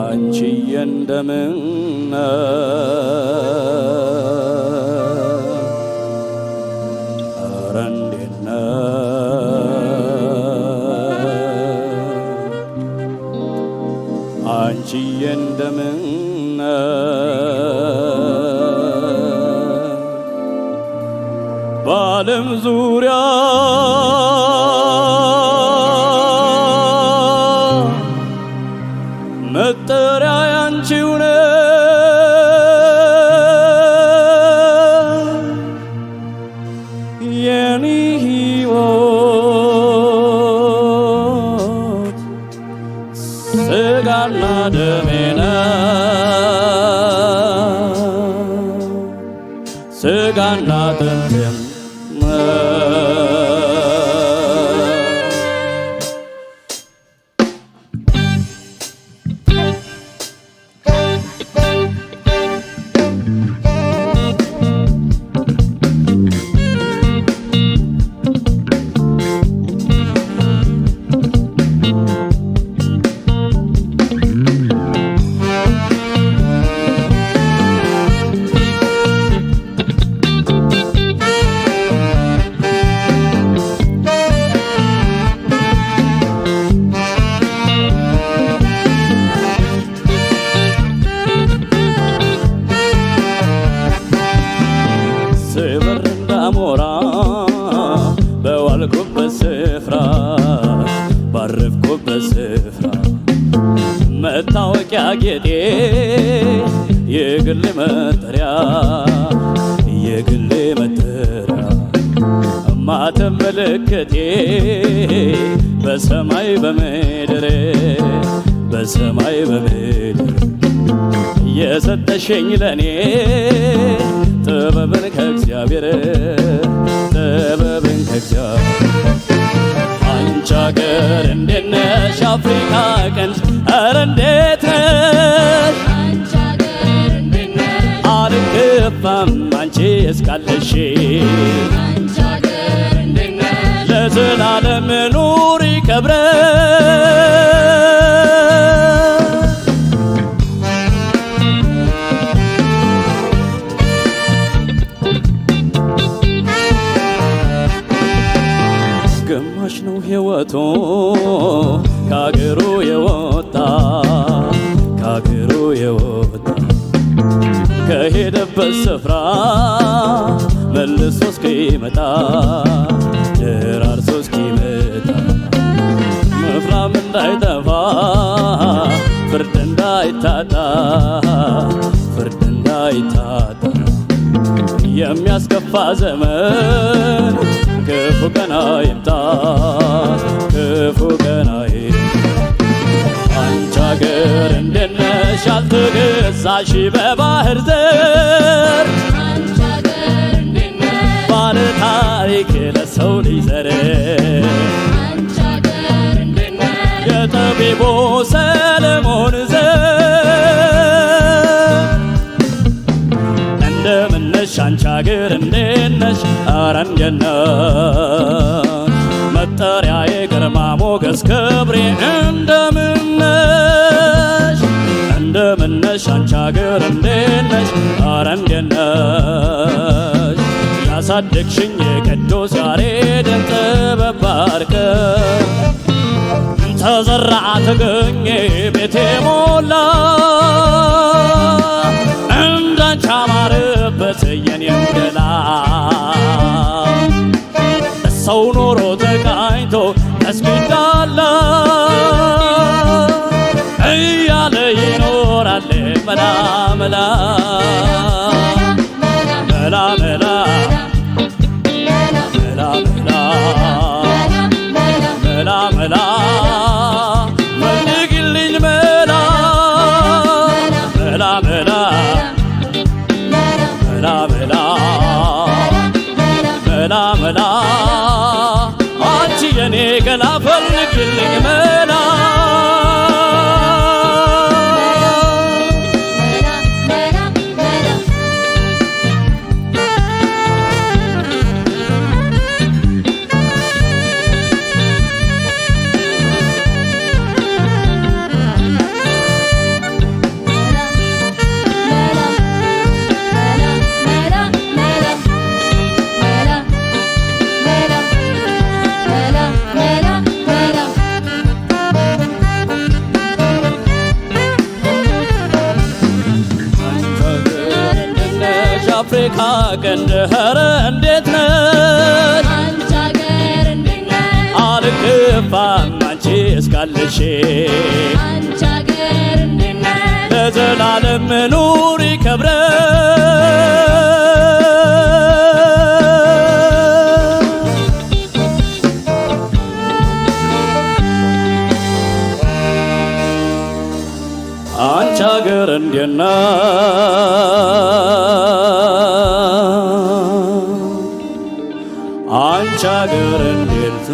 አንቺ እንደምን አንቺ እንደምን በዓለም ዙሪያ መጠሪያ ያንቺው ነው የኔ ሕይወት ሥጋና ደሜ ነው ሥጋና ደሜ Oh. ስፍራ ባረፍኩበት ስፍራ መታወቂያ ጌጤ የግል መጠሪያ የግል መጠሪያ ማተም ምልክቴ በሰማይ በምድር በሰማይ በምድር የሰጠሽኝ ለኔ ጥበብን ከእግዚአብሔር ጥበብን ከእግዚአብሔር አገር እንዴት ነሽ አፍሪካ ቀንድ ኧረ እንዴት ግማሽ ነው ሕይወቱ ካገሩ የወጣ ካገሩ የወጣ ከሄደበት ስፍራ መልሶ እስኪመጣ ደራርሶ እስኪመጣ መፍራም እንዳይጠፋ ፍርድ እንዳይታጣ ፍርድ እንዳይታጣ የሚያስከፋ ዘመን ክፉ ቀን አይምጣ ክፉ ቀን አይ አንቺ አገር እንዴት ነሽ በባህር ዘር ባለ ታሪክ ለሰው ልጅ ዘር የጠቢቡ እንዴነ መጠሪያዬ ግርማ ሞገስ ክብሬ እንደምነሽ እንደምነሽ አንቺ አገር እንዴነሽ አረ እንዴነሽ ያሳደግሽኝ የቅዱስ ያሬድ ጥበብ ባርከሽ ተዘራ ተገኘ ቤቴ ሞላ እንዳንቺ አማረበት የኔ መላ መላ መላ መላ መላ ፈልግልኝ መላ መላ መላ መላ መላ መላ መላ አንቺ የኔ ገላ ፈልግልኝ መላ አፍሪካ ቀንድ ኸረ እንዴት ነ አልክፋም አንቺ እስካለሽ ለዘላለም ኑር ይከብረን አንቺ ሀገር እንዴት ናት? አገር እንዴልት